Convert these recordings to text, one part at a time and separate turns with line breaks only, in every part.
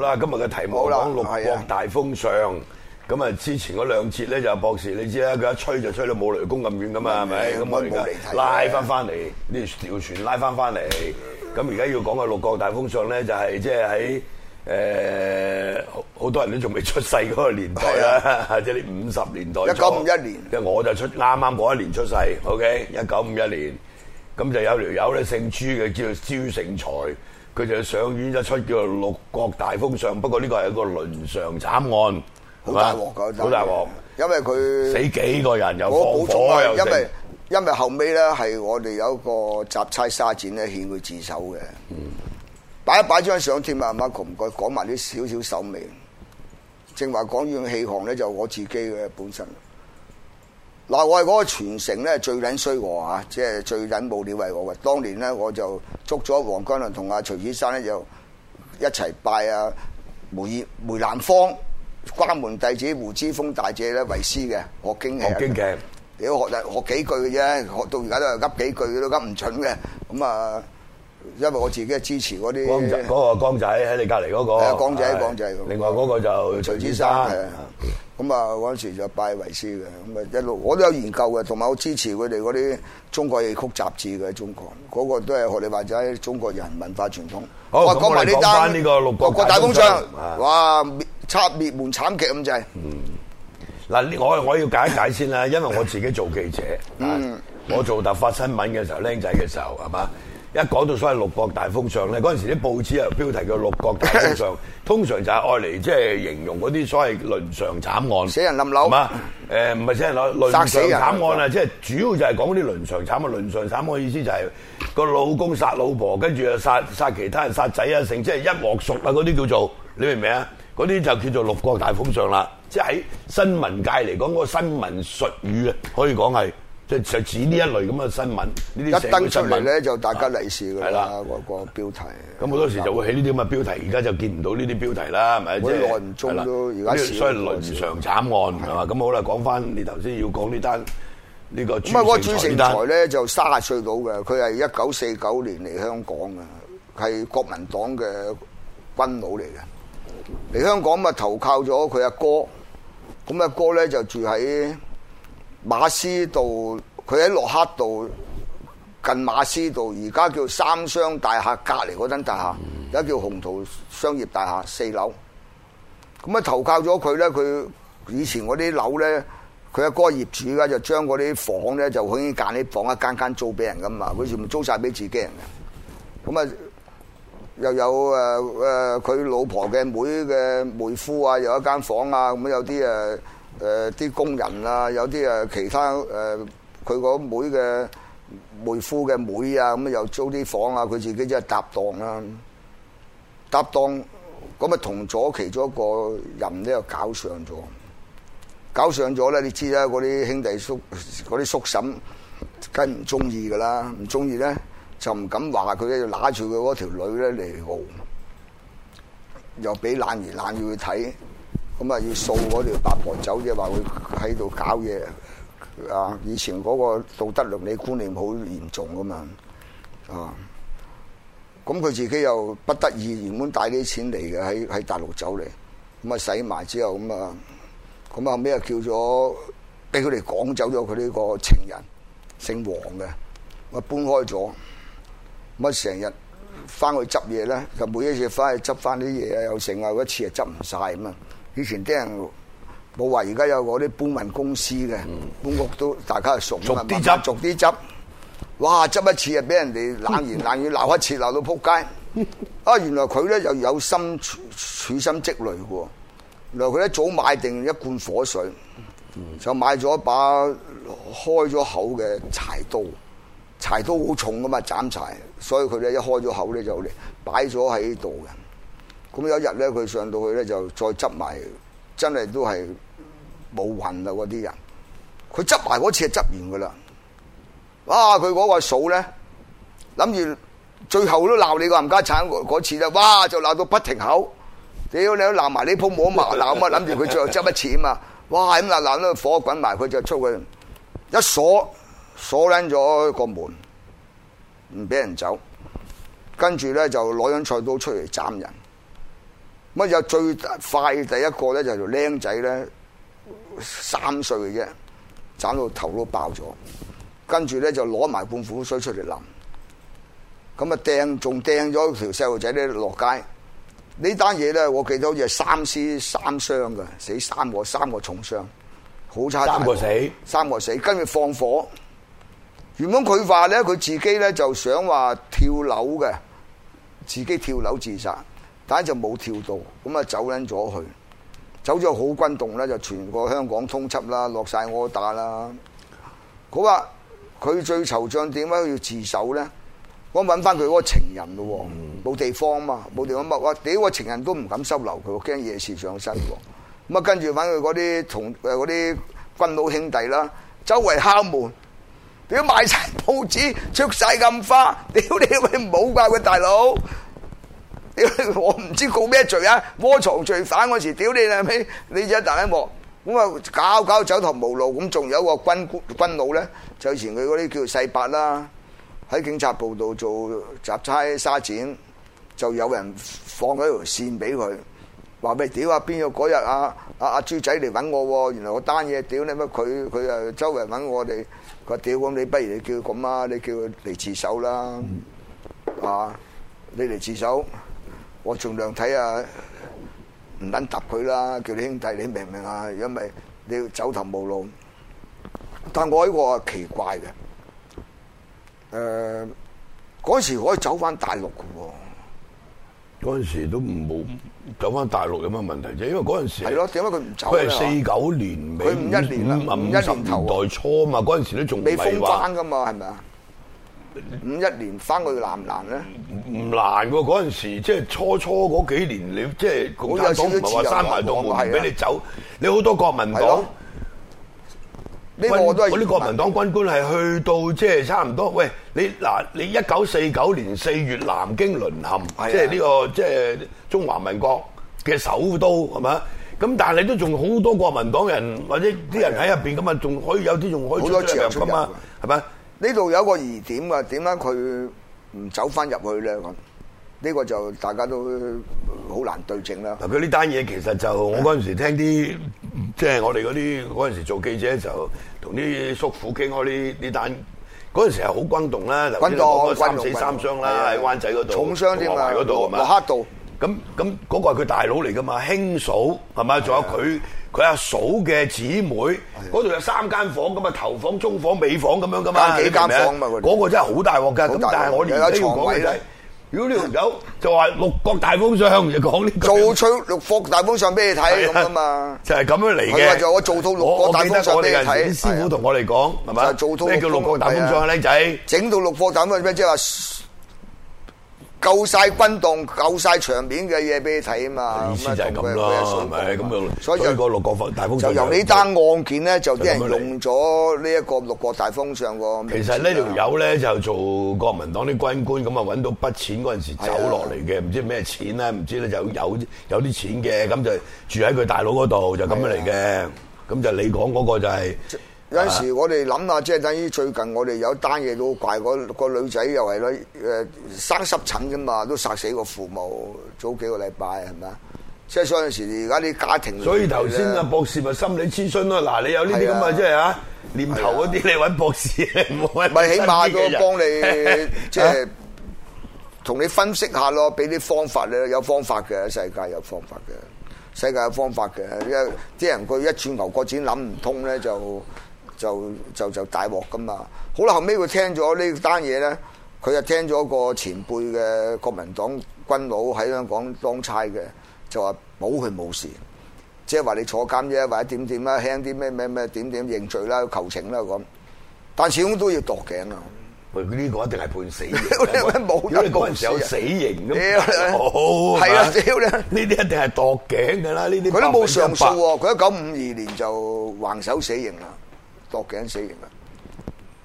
好啦，今日嘅題目講六國大封相，咁啊之前嗰兩節咧就博士，你知啦，佢一吹就吹到冇雷公咁遠噶嘛，係咪的？咁我哋拉翻翻嚟，呢條、啊、船拉翻翻嚟。咁而家要講嘅六國大封相咧，就係即係喺誒好多人都仲未出世嗰個年代啦，即係啲五十年代。一九五一年，即係我就出啱啱嗰一年出世。OK，一九五一年，咁就有條友咧姓朱嘅，叫做朱成才。佢就上演一出叫做《六國大封相》，不過呢個係一個倫常慘案，好大鑊㗎，好大鑊。
因為佢死幾個人又放火又因為等等因為後尾咧，係我哋有一個雜差沙展咧，勸佢自首嘅。嗯，擺一擺張相添啊，阿窮佢講埋啲少少手尾。正話講完戲行咧，就我自己嘅本身。嗱，我係嗰個傳承咧最撚衰和，嚇，即係最撚無聊為何？當年咧我就捉咗黃幹勳同阿徐先生咧就一齊拜阿、啊、梅梅蘭芳，關門弟子胡芝風大姐咧為師嘅學京劇，學京劇，屌學得學,學幾句嘅啫，學到而家都係噏幾句都噏唔準嘅，咁、嗯、啊～因為我自己係支持嗰啲，嗰個
光仔喺你隔籬嗰個，光仔，光仔。另外嗰個就徐子珊，
咁啊嗰陣時就拜為師嘅，咁啊一路我都有研究嘅，同埋我支持佢哋嗰啲中國戲曲雜誌嘅中國，嗰個都係學你話齋中國人文化傳統。好，咁我講埋呢個六國大封相，哇，滅插滅門
慘劇咁滯。嗯。嗱，我我要解一解先啦，因為我自己做記者，我做突發新聞嘅時候，僆仔嘅時候，係嘛？一講到所謂六國大封相咧，嗰陣時啲報紙啊標題叫六國大封相，通常就係愛嚟即係形容嗰啲所謂倫常慘案，死人冧樓，係嘛？唔係死人樓，倫常慘案啊！即係主要就係講嗰啲倫常慘啊，倫常慘嘅意思就係、是、個老公殺老婆，跟住又殺殺其他人殺、殺仔啊，成即係一鑊熟啊嗰啲叫做，你明唔明啊？嗰啲就叫做六國大封相啦，即係喺新聞界嚟講，嗰個新聞術語啊，可以講係。即係就指呢一類咁嘅新聞，呢啲一登出嚟咧
就大家大吉利是㗎啦，嗰個標題。
咁好多時就會起呢啲咁嘅標題，而家就見唔到呢啲標題啦，係咪？
即係。所以倫
常慘案係嘛？咁好啦，講翻你頭先要講呢單呢個。咁啊，個朱成才
咧就卅歲到嘅，佢係一九四九年嚟香港嘅，係國民黨嘅軍佬嚟嘅。嚟香港咁啊投靠咗佢阿哥，咁阿哥咧就住喺。馬師道，佢喺洛克道近馬師道，而家叫三商大廈隔籬嗰間大廈，而家叫鴻圖商業大廈四樓。咁啊投靠咗佢咧，佢以前嗰啲樓咧，佢阿哥，哥業主而家就將嗰啲房咧就可以揀啲房間一間間租俾人噶嘛，佢全部租晒俾自己人。咁啊又有誒誒佢老婆嘅妹嘅妹夫啊，又有一間房啊，咁有啲誒。呃誒啲工人啊，有啲誒其他誒，佢個妹嘅妹夫嘅妹啊，咁又租啲房啊，佢自己即係搭檔啦，搭檔咁啊同咗其中一個人咧又搞上咗，搞上咗咧，你知啦，嗰啲兄弟叔、嗰啲叔嬸，梗係唔中意噶啦，唔中意咧就唔敢話佢咧，就揦住佢嗰條女咧嚟戇，又俾冷言冷語去睇。咁啊，要掃嗰條八婆走啫，話佢喺度搞嘢啊！以前嗰個道德倫理觀念好嚴重噶嘛啊！咁佢自己又不得已，原本帶啲錢嚟嘅喺喺大陸走嚟，咁啊使埋之後咁啊，咁後尾啊叫咗俾佢哋趕走咗佢呢個情人，姓黃嘅，咁啊搬開咗，咁啊成日翻去執嘢咧，就每一次翻去執翻啲嘢啊，又剩啊，一次啊執唔晒咁啊。以前啲人冇話，而家有嗰啲搬運公司嘅搬、嗯、屋都大家係熟咁啊，逐啲執，慢慢逐啲執，哇執一次啊，俾人哋冷言冷語鬧一次，鬧 到仆街。啊，原來佢咧又有心處，處心積慮嘅喎。原來佢一早買定一罐火水，嗯、就買咗一把開咗口嘅柴刀，柴刀好重噶嘛，斬柴。所以佢咧一開咗口咧就咧擺咗喺度嘅。咁有一日咧，佢上到去咧就再執埋，真係都係冇運啦！嗰啲人，佢執埋嗰次執完噶啦。哇！佢嗰個數咧，諗住最後都鬧你個冚家鏟嗰次啦。哇！就鬧到不停口，屌你都鬧埋呢鋪冇埋鬧乜，諗住佢最後執筆錢啊！哇！咁鬧鬧到火滾埋，佢就出去一鎖鎖緊咗個門，唔俾人走。跟住咧就攞張菜刀出嚟斬人。乜有最快第一個咧？就係條僆仔咧，三歲嘅啫，斬到頭都爆咗，跟住咧就攞埋半斧水出嚟淋。咁啊掟仲掟咗條細路仔咧落街。呢單嘢咧，我記得好似係三屍三傷㗎，死三個，三個重傷，好差。三個死，三個死，跟住放火。原本佢話咧，佢自己咧就想話跳樓嘅，自己跳樓自殺。但係就冇跳到，咁啊走撚咗去，走咗好轟動咧，就全個香港通緝啦，落晒我打啦。佢話佢最惆悵點解要自首咧？我搵翻佢嗰個情人咯，冇地方嘛，冇地方乜話？屌個情人都唔敢收留佢，驚夜事上身。咁啊跟住搵佢嗰啲同誒嗰啲軍佬兄弟啦，周圍敲門，屌賣晒報紙，出晒暗花，屌你位唔好怪佢大佬。我唔知告咩罪啊！窩藏罪犯嗰時，屌你係咪？你一彈一鑊咁啊，搞搞走投無路咁，仲有一個軍官軍佬咧，就以前佢嗰啲叫細伯啦，喺警察部度做雜差沙展，就有人放咗條線俾佢，話俾屌啊邊個嗰日啊啊啊豬仔嚟揾我，原來我單嘢屌你乜佢佢啊周圍揾我哋，佢話屌咁你不如你叫佢咁啊，你叫佢嚟自首啦，啊，你嚟自首。我儘量睇啊，唔撚揼佢啦，叫你兄弟你明唔明啊？因為你要走投無路。但係我呢個係奇怪嘅，誒，嗰時可以走翻大陸㗎喎。嗰
陣時都唔冇走翻大陸，有咩問題啫？因為嗰陣時係咯，點
解佢唔走啊？佢係四
九年尾，佢五一年啊，五十年代初嘛，嗰陣時都仲未封關
㗎嘛，係咪啊？五一年翻去難唔難咧？
唔難喎，嗰陣時即係初初嗰幾年，你即係共產黨唔係話閂埋道門俾你走，是的 你好多國民黨。呢我都係。啲國民黨軍官係去到即係差唔多，喂，你嗱，你一九四九年四月南京淪陷，是的 這個，即係呢個即係中華民國嘅首都，係咪？咁但係你都
仲好多國民黨人或者啲人喺入邊，咁啊仲可以有啲仲可以出得嚟噶嘛？係咪？呢度有一個疑點啊，點解佢唔走翻入去咧？呢個就大家都好難對證啦。嗱，
佢呢單嘢其實就我嗰陣時聽啲，即係我哋嗰啲嗰陣時做記者就同啲叔父傾開呢呢單，嗰陣時係好轟動啦，
嗰啲三死三傷啦喺
灣仔嗰度，重傷添啊，嗰度係咪，駱克道。咁咁嗰個係佢大佬嚟㗎嘛，兄嫂係咪，仲有佢。佢阿嫂嘅姊妹，嗰度有三間房，咁啊，頭房、中房、尾房咁樣噶嘛，嗰個真係好大鑊噶。咁但係我連呢度講起嚟，
如果你條友就話六國大封相，就講呢個做出六國大封相俾你睇咁啊嘛，就係咁樣嚟嘅。我做到六國大封相記得我哋師傅同我哋講，係咪？做咩叫六國大封相呢？靚仔整到六國大封相咩？即係話。夠晒轟動，夠晒場面嘅嘢俾你睇啊嘛，意思就係咁啦，咪咁樣？是是所以呢
以就個六國大封相，就由呢
單案件咧，就即係用咗呢一個六國大封相喎。其實呢
條友咧就做國民黨啲軍官，咁啊揾到筆錢嗰陣時走落嚟嘅，唔的知咩錢咧，唔知咧就有有啲錢嘅，咁就住喺佢大佬嗰度，就咁樣嚟嘅。咁的就你講嗰個就係、是。
有陣時我哋諗下，即係等於最近我哋有單嘢都怪，嗰、嗰個女仔又係咧，誒、呃、生濕疹噶嘛，都殺死個父母，早幾個禮拜係咪啊？即係所以有陣時而家啲家庭，所以頭先啊
博士咪心理諮詢咯，嗱你有呢啲咁嘅即係啊念頭嗰啲，你揾博士
唔咪起碼都幫你即係同你分析下咯，俾啲方法你，有方法嘅世界，有方法嘅世界，有方法嘅，世界有方法，因為一啲人佢一鑽牛角尖諗唔通咧就。就就就大鑊噶嘛！好啦，後尾佢聽咗呢單嘢咧，佢就聽咗個前輩嘅國民黨軍佬喺香港當差嘅，就話冇佢冇事，即係話你坐監咧，或者點點啦，輕啲咩咩咩點點認罪啦，求情啦咁。但始終都要吊頸啊！呢
個一定係判死刑，因為嗰陣時有死刑。屌你，好係啊！屌你，呢啲一定係吊頸㗎啦！呢啲佢都冇上訴
喎，佢一九五二年就橫手死刑啦。落頸死刑啦！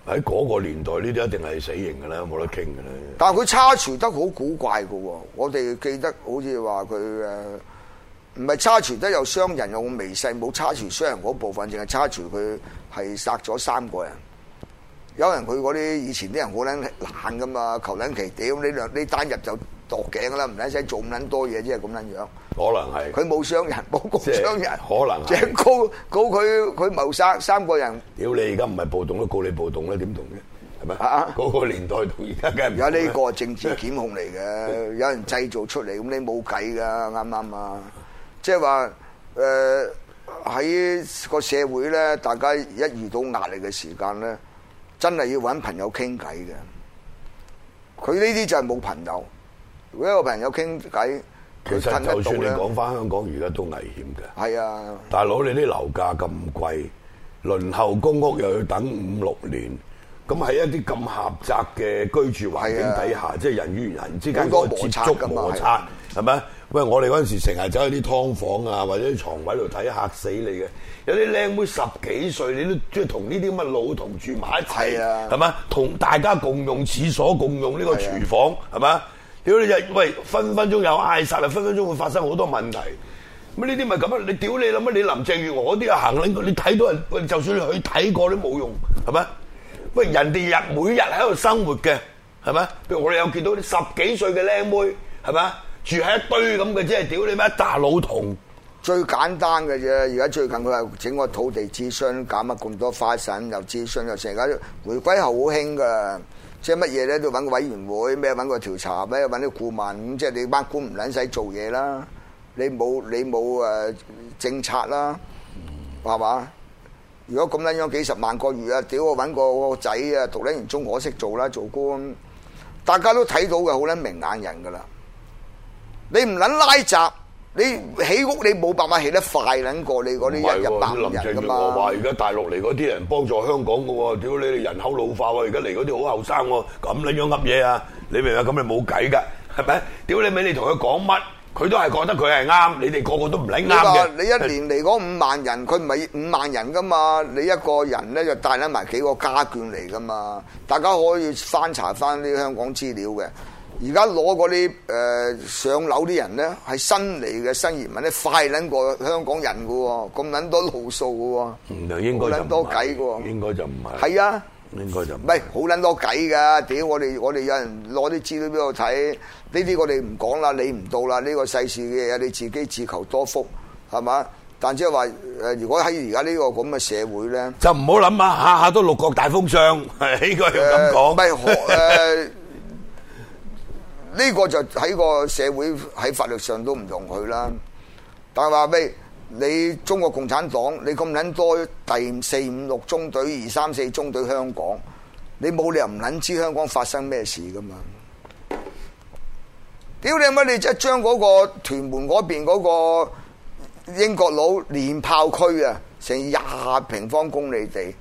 喺嗰個年代呢啲一定係死刑嘅啦，冇得傾嘅啦。但係佢差除得好古怪嘅喎，我哋記得好似話佢誒，呃，唔係差除得有傷人，有微細冇差除傷人嗰部分，淨係差除佢係殺咗三個人。有人佢嗰啲以前啲人好撚懶嘅嘛，求撚其屌呢兩呢單日就。落井啦，唔使使做咁撚多嘢，即係咁撚樣。可能係佢冇傷人，冇個傷人。可能即係告告佢佢謀殺三個人。
屌你而家唔係暴
動啦，都告你暴動啦，點同啫？
係咪啊？嗰個年代同而家梗係唔同。有呢個
政治檢控嚟嘅，有人製造出嚟，咁你冇計噶，啱啱啊！即係話誒喺個社會咧，大家一遇到壓力嘅時間咧，真係要揾朋友傾偈嘅。佢呢啲就係冇朋友。如果我朋友傾偈，其實就算你講翻香港而家都危險嘅。係啊的，
大佬你啲樓價咁貴，輪候公屋又要等五六年，咁喺一啲咁狹窄嘅居住環境底下，即係人與人之間嗰個接觸摩擦，係咪的？喂，我哋嗰陣時成日走去啲㓥房啊，或者啲牀位度睇吓嚇死你嘅，有啲靚妹十幾歲，你都即係同呢啲咁嘅老同住埋一齊，係咪的？同大家共用廁所、共用呢個廚房，係咪的？屌你！喂，分分鐘有嗌殺啊！分分鐘會發生好多問題。咁呢啲咪咁啊？你屌你啦！乜你林鄭月娥啲啊行啦！你睇到人喂，就算你去睇過都冇用，係咪？喂，人哋日每日喺度生活嘅，係咪？譬如我哋有見到啲十幾歲嘅靚妹，係咪？住喺一堆咁嘅，即係屌你咩大佬同。
最簡單嘅啫，而家最近佢又整個土地諮詢減啊咁多花神又諮詢又成家，回歸後好興噶。即係乜嘢咧？都揾個委員會，咩揾個調查，咩揾啲顧問咁。即係你班官唔撚使做嘢啦，你冇你冇誒、呃、政策啦，係嘛？如果咁撚樣幾十萬個月啊，屌我揾個仔啊，讀完中一我識做啦，做官，大家都睇到嘅，好撚明眼人噶啦。你唔撚拉閘？你起屋你冇辦法起得快撚過你嗰啲一百人㗎嘛？我話而
家大陸嚟嗰啲人幫助香港㗎喎，屌你哋人口老化喎，而家嚟嗰啲好後生喎，咁撚樣噏嘢啊！你明啊？咁你冇計㗎，係咪？屌你咪你同佢講乜，佢都係覺得佢係啱，你哋個個都唔揀啱嘅。你一年
嚟講五萬人，佢唔係五萬人㗎嘛？你一個人咧就帶撚埋幾個家眷嚟㗎嘛？大家可以翻查翻啲香港資料嘅。而家攞嗰啲誒上樓啲人咧，係新嚟嘅新移民咧，快撚過香港人㗎喎，咁撚多路數㗎喎，好撚多計㗎喎，應該就唔係，係啊，應該就唔係，唔係好撚多計㗎。屌我哋我哋有人攞啲資料俾我睇，呢啲我哋唔講啦，理唔到啦。呢個世事嘅嘢，你自己自求多福，係嘛？但即係話誒，如果喺而家呢個咁嘅社會咧，就唔好諗
啊！下下都六國大封相，
應該咁講，唔係誒。呢個就喺個社會喺法律上都唔容許啦。但係話咩？你中國共產黨，你咁撚多第四五六中隊、二三四中隊香港，你冇理由唔撚知香港發生咩事噶嘛？屌你媽！你即係將嗰個屯門嗰邊嗰個英國佬連炮區啊，成廿平方公里地。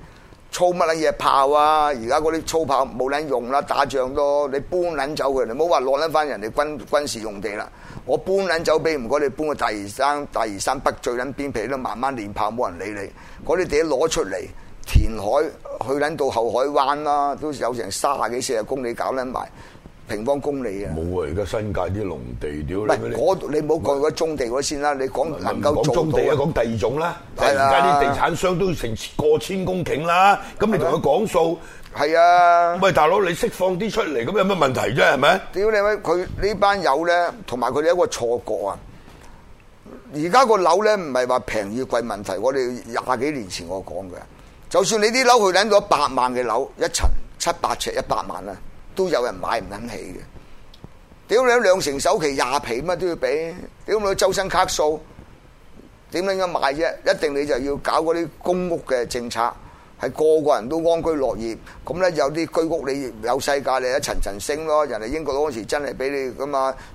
操乜撚嘢炮啊！而家嗰啲粗炮冇撚用啦，打仗都。你搬撚走佢，你唔好話攞撚翻人哋軍軍事用地啦。我搬撚走俾唔該，你搬去第二山、第二山北最撚邊皮都慢慢練炮，冇人理你。嗰啲地攞出嚟填海，去撚到後海灣啦，都有成卅幾、四十公里搞撚埋。平方公里啊！冇啊！而家新界啲農地屌唔係嗰你冇講嗰中地嗰先啦，你講能夠做到啊！講中地啊，講
第二種啦。而家啲地產商都要成過千公頃啦，咁你同佢講數係啊？喂，大佬，你釋放啲出嚟，咁有乜問題啫？
係咪？屌你咪佢呢班友咧，同埋佢哋一個錯覺啊！而家個樓咧唔係話平與貴問題，我哋廿幾年前我講嘅，就算你啲樓佢領到百萬嘅樓一層七八尺一百萬啦。都有人買唔撚起嘅，屌你兩成首期廿皮乜都要俾，屌你周身卡數，點樣樣買啫？一定你就要搞嗰啲公屋嘅政策，係個個人都安居樂業。咁咧有啲居屋你有世界你一層層升咯。人哋英國嗰陣時真係俾你㗎嘛。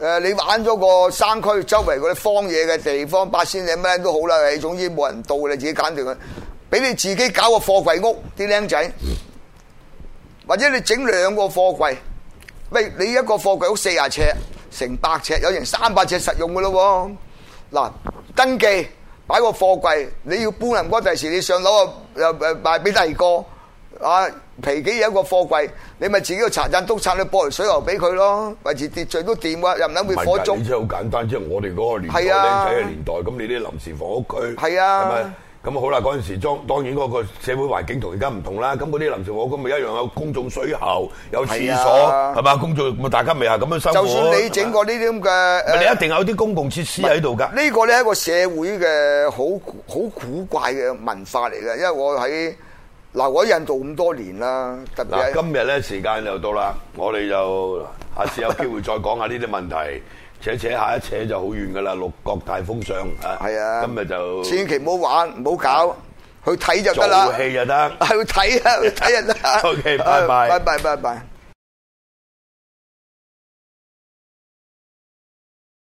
誒，你玩咗個山區周圍嗰啲荒野嘅地方，八仙嶺咩都好啦。總之冇人到，你自己揀住佢，俾你自己搞個貨櫃屋，啲僆仔，或者你整兩個貨櫃。餵，你一個貨櫃屋四十尺，成百尺，有成三百尺實用嘅咯喎。嗱，登記擺個貨櫃，你要搬唔過，第時你上樓啊，又誒賣俾第二個。啊，皮幾有一個貨櫃，你咪自己個茶盞都插啲玻璃水喉俾佢咯，維持秩序都掂啊，又唔諗會火燭。即係好簡單，即係我哋嗰個年代，僆仔嘅年
代，咁你啲臨時房屋區，係啊，咁啊，咁好啦。嗰陣時，當當然嗰個社會環境同而家唔同啦，咁嗰啲臨時房屋咁咪一樣有公眾水喉，有廁所，係嘛，公眾咪大家咪係咁樣生活。就算你整
個呢啲咁嘅，咪你一定有啲公共設施喺度噶。呢個咧一個社會嘅好好古怪嘅文化嚟嘅，因為我喺。嗱，我一人做咁多年啦，特別今
日咧時間又到啦，我哋就下次有機會再講下呢啲問題， 扯扯下一扯就好遠噶啦，六角大封相啊！係啊，今日就。千
祈唔好玩，唔好搞，是的 去睇就得啦。做就得。 去睇啊，去睇就得。o k 拜拜！bye b bye